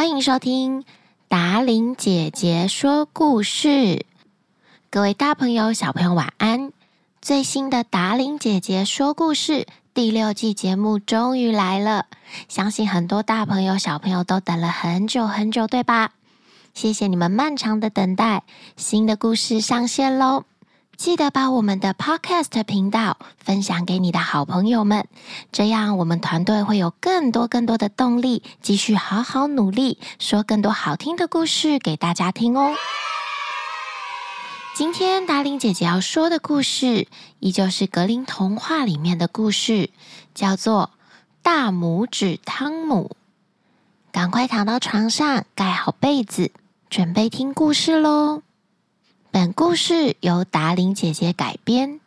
歡迎收聽達伶姐姐說故事，各位大朋友、小朋友晚安。最新的達伶姐姐說故事第六季節目終於來了，相信很多大朋友、小朋友都等了很久很久，對吧？謝謝你們漫長的等待，新的故事上線嘍！記得把我們的 Podcast 頻道分享給你的好朋友們，這樣我們團隊會有更多更多的動力，繼續好好努力，說更多好聽的故事給大家聽哦。今天達伶姐姐要說的故事，依舊是格林童話裡面的故事，叫做《大拇指湯姆》。趕快躺到床上，蓋好被子，準備聽故事嘍！本故事由達伶姐姐改編。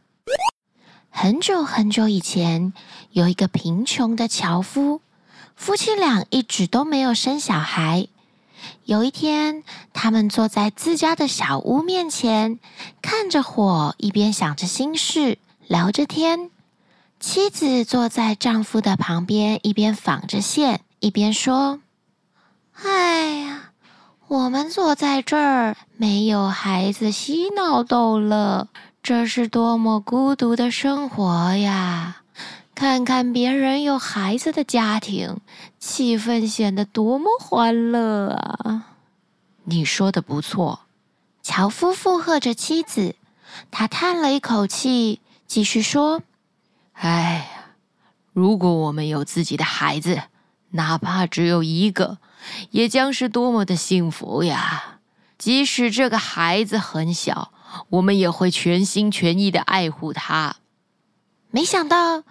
很久很久以前，有一個貧窮的樵夫，夫妻倆一直都沒有生小孩。有一天，他們坐在自家的小屋面前，看着火，一邊想着心事，聊着天。妻子坐在丈夫的旁邊，一邊紡着線，一邊說：“哎呀。”我們坐在這兒，沒有孩子嬉鬧逗樂，這是多麼孤獨的生活呀！看看別人有孩子的家庭，氣氛顯得多麼歡樂啊。你說的不錯，樵夫附和着妻子，他嘆了一口氣，繼續說：“哎呀，如果我們有自己的孩子……”哪怕只有一個，也將是多麼的幸福呀！即使這個孩子很小，我們也會全心全意的愛護他。沒想到，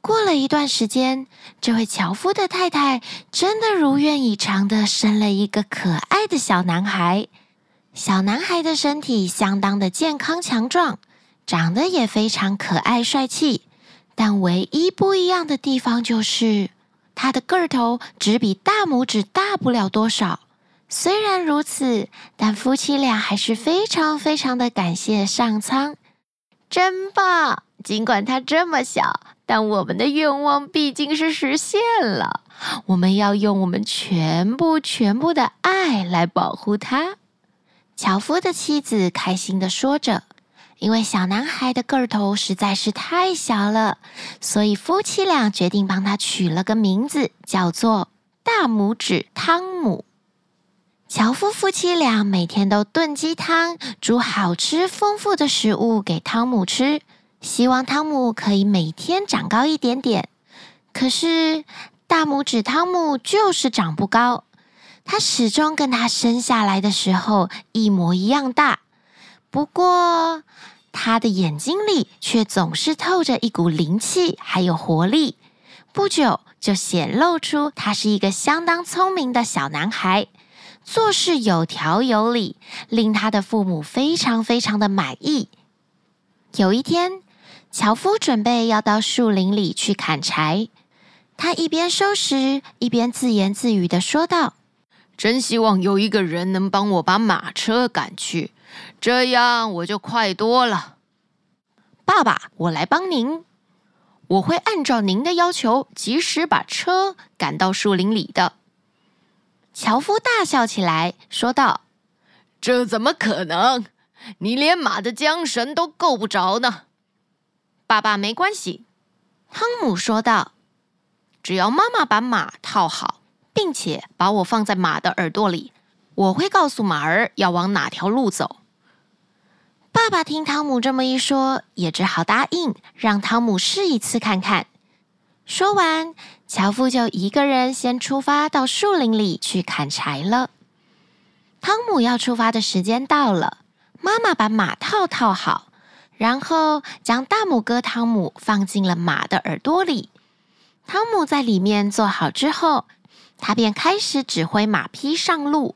過了一段時間，這位樵夫的太太真的如願以償的生了一個可愛的小男孩。小男孩的身體相當的健康強壯，長得也非常可愛帥氣，但唯一不一樣的地方就是。他的個兒頭只比大拇指大不了多少，雖然如此，但夫妻倆還是非常非常的感謝上蒼，真棒！盡管他這麼小，但我們的願望畢竟是實現了。我們要用我們全部全部的愛來保護他。樵夫的妻子開心的說着。因為小男孩的個頭實在是太小了，所以夫妻倆決定幫他取了個名字，叫做大拇指湯姆。樵夫夫妻倆每天都燉雞湯，煮好吃豐富的食物給湯姆吃，希望湯姆可以每天長高一點點。可是大拇指湯姆就是長不高，他始終跟他生下來的時候一模一樣大。不過，他的眼睛裡卻總是透着一股靈氣，還有活力。不久，就顯露出他是一個相當聰明的小男孩，做事有條有理，令他的父母非常非常的滿意。有一天，樵夫準備要到樹林裡去砍柴，他一邊收拾，一邊自言自語的說道：“真希望有一個人能幫我把馬車趕去。”這樣我就快多了，爸爸，我來幫您。我會按照您的要求，及時把車趕到樹林裡的。樵夫大笑起來，說道：“這怎麼可能？你連馬的韁繩都夠不着呢。”爸爸，沒關係，湯姆說道：“只要媽媽把馬套好，並且把我放在馬的耳朵裡。”我會告訴馬兒要往哪條路走。爸爸聽湯姆這麼一說，也只好答應，讓湯姆試一次看看。說完，樵夫就一個人先出發到樹林裡去砍柴了。湯姆要出發的時間到了，媽媽把馬套套好，然後將大拇哥湯姆放進了馬的耳朵裡。湯姆在裡面坐好之後，他便開始指揮馬匹上路。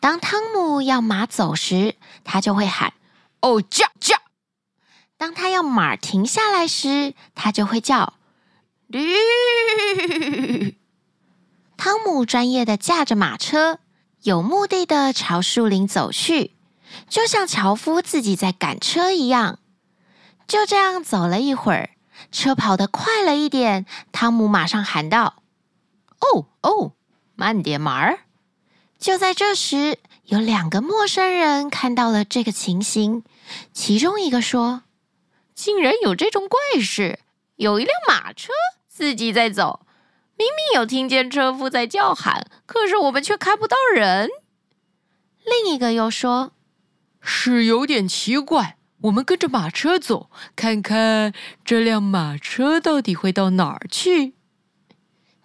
當湯姆要馬走時，他就會喊“哦，駕駕”；當他要馬停下來時，他就會叫“驢”。湯姆專業地駕着馬車，有目的地朝樹林走去，就像樵夫自己在趕車一樣。就這樣走了一會兒，車跑得快了一點，湯姆馬上喊道：“哦哦，慢點馬兒。”就在這時，有兩個陌生人看到了這個情形。其中一個說：“竟然有這種怪事！有一輛馬車自己在走，明明有聽見車夫在叫喊，可是我們卻看不到人。”另一個又說：“是有點奇怪。我們跟着馬車走，看看這輛馬車到底會到哪兒去。”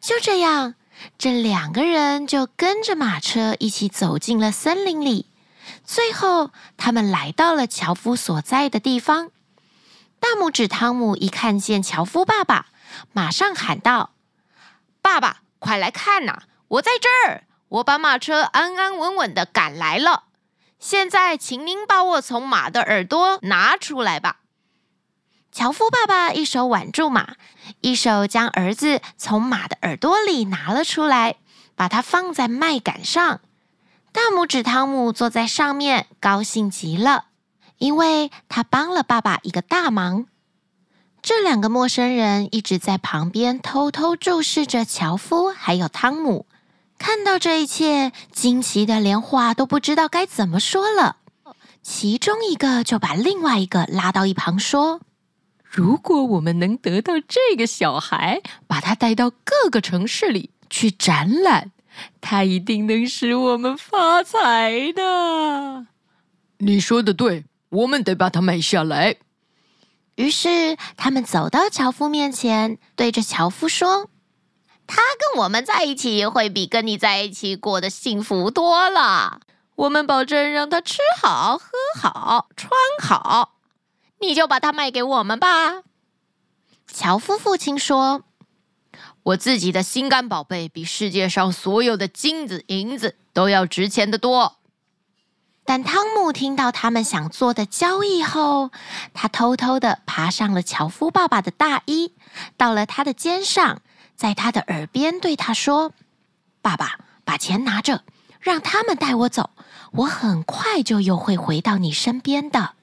就這樣。這兩個人就跟着馬車一起走進了森林裡。最後，他們來到了樵夫所在的地方。大拇指湯姆一看見樵夫爸爸，馬上喊道：“爸爸，快來看吶！我在這兒，我把馬車安安穩穩地趕來了。現在，請您把我從馬的耳朵拿出來吧。”樵夫爸爸一手挽住馬，一手將兒子從馬的耳朵裡拿了出來，把它放在麥稈上。大拇指湯姆坐在上面，高興極了，因為他幫了爸爸一個大忙。這兩個陌生人一直在旁邊偷偷注視着樵夫，還有湯姆，看到這一切，驚奇的連話都不知道該怎麼說了。其中一個就把另外一個拉到一旁說。如果我們能得到這個小孩，把他帶到各個城市裡去展覽，他一定能使我們發財的。你說的對，我們得把他買下來。於是，他們走到樵夫面前，對着樵夫說：“他跟我們在一起，會比跟你在一起過得幸福多了。我們保證讓他吃好、喝好、穿好。”你就把它賣給我們吧，樵夫父親說：“我自己的心肝寶貝比世界上所有的金子、銀子都要值錢的多。”但湯姆聽到他們想做的交易後，他偷偷的爬上了樵夫爸爸的大衣，到了他的肩上，在他的耳邊對他說：“爸爸，把錢拿着，讓他們帶我走，我很快就又會回到你身邊的。”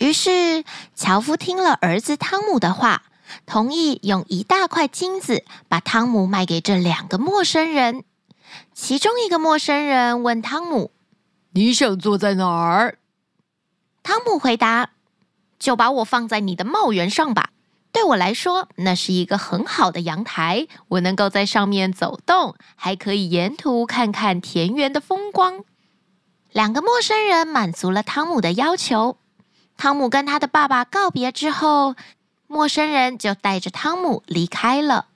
於是，樵夫聽了兒子湯姆的話，同意用一大塊金子把湯姆賣給這兩個陌生人。其中一個陌生人問湯姆：“你想坐在哪兒？”湯姆回答：“就把我放在你的帽檐上吧。對我來說，那是一個很好的陽台，我能夠在上面走動，還可以沿途看看田園的風光。”兩個陌生人滿足了湯姆的要求。湯姆跟他的爸爸告別之後，陌生人就帶着湯姆離開了。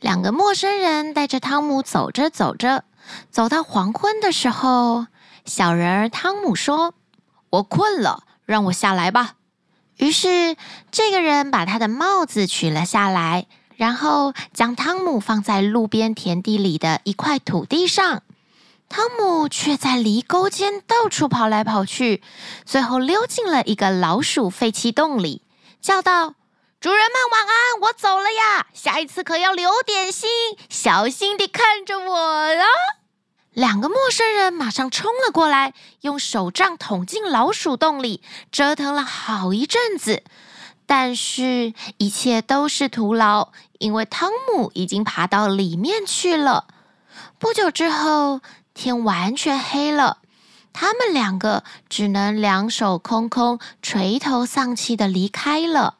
兩個陌生人帶着湯姆走着走着，走到黃昏的時候，小人兒湯姆說：“我困了，讓我下來吧。”於是這個人把他的帽子取了下來，然後將湯姆放在路邊田地裡的一塊土地上。湯姆卻在犁溝間到處跑來跑去，最後溜進了一個老鼠廢棄洞裡，叫道：“主人們晚安，我走了呀！下一次可要留點心，小心地看着我啊！”兩個陌生人馬上衝了過來，用手杖捅進老鼠洞裡，折騰了好一陣子，但是一切都是徒勞，因為湯姆已經爬到裡面去了。不久之後，天完全黑了，他們兩個只能兩手空空、垂頭喪氣地離開了。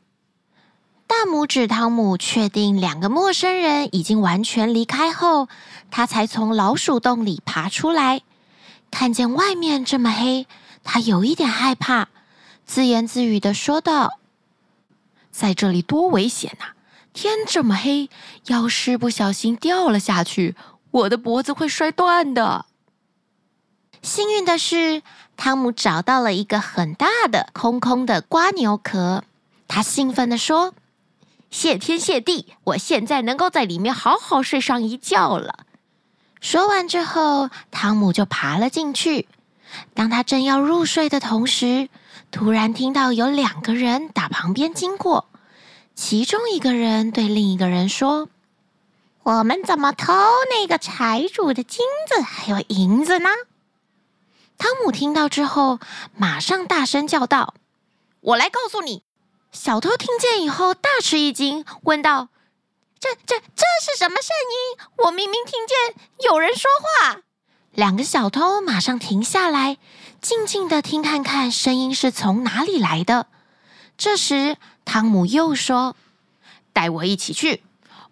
大拇指湯姆確定兩個陌生人已經完全離開後，他才從老鼠洞裡爬出來。看見外面這麼黑，他有一點害怕，自言自語地說道：“在這裡多危險吶！天這麼黑，要是不小心掉了下去，我的脖子會摔斷的。”幸運的是，湯姆找到了一個很大的空空的蝸牛殼。他興奮地說：“謝天謝地，我現在能夠在裡面好好睡上一覺了。”說完之後，湯姆就爬了進去。當他正要入睡的同時，突然聽到有兩個人打旁邊經過，其中一個人對另一個人說：“我們怎麼偷那個財主的金子還有銀子呢？”湯姆聽到之後，馬上大聲叫道：“我來告訴你！”小偷聽見以後大吃一驚，問道：“這、這、這是什麼聲音？我明明聽見有人說話。”兩個小偷馬上停下來，靜靜的聽，看看聲音是從哪裡來的。這時，湯姆又說：“帶我一起去，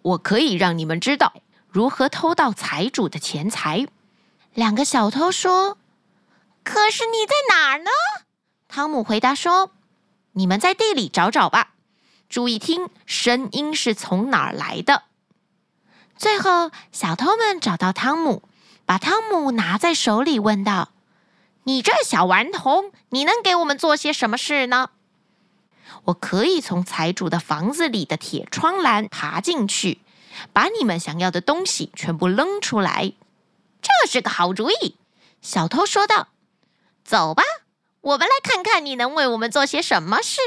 我可以讓你們知道如何偷盜財主的錢財。”兩個小偷說。可是你在哪兒呢？湯姆回答說：“你們在地裡找找吧，注意聽聲音是從哪兒來的。”最後，小偷們找到湯姆，把湯姆拿在手裡，問道：“你這小頑童，你能給我們做些什麼事呢？”“我可以從財主的房子裡的鐵窗欄爬進去，把你們想要的東西全部扔出來。”“這是個好主意。”小偷說道。走吧，我們來看看你能為我們做些什麼事。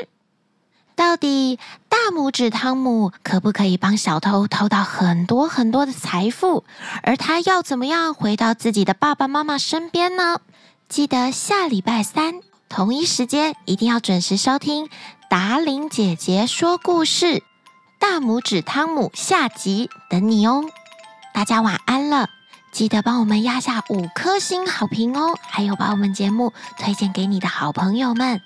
到底大拇指湯姆可不可以幫小偷偷到很多很多的財富？而他要怎麼樣回到自己的爸爸媽媽身邊呢？記得下禮拜三同一時間一定要準時收聽達伶姐姐說故事《大拇指湯姆》下集等你哦！大家晚安了。記得幫我們按下五顆星好評哦，還有把我們節目推薦給你的好朋友們。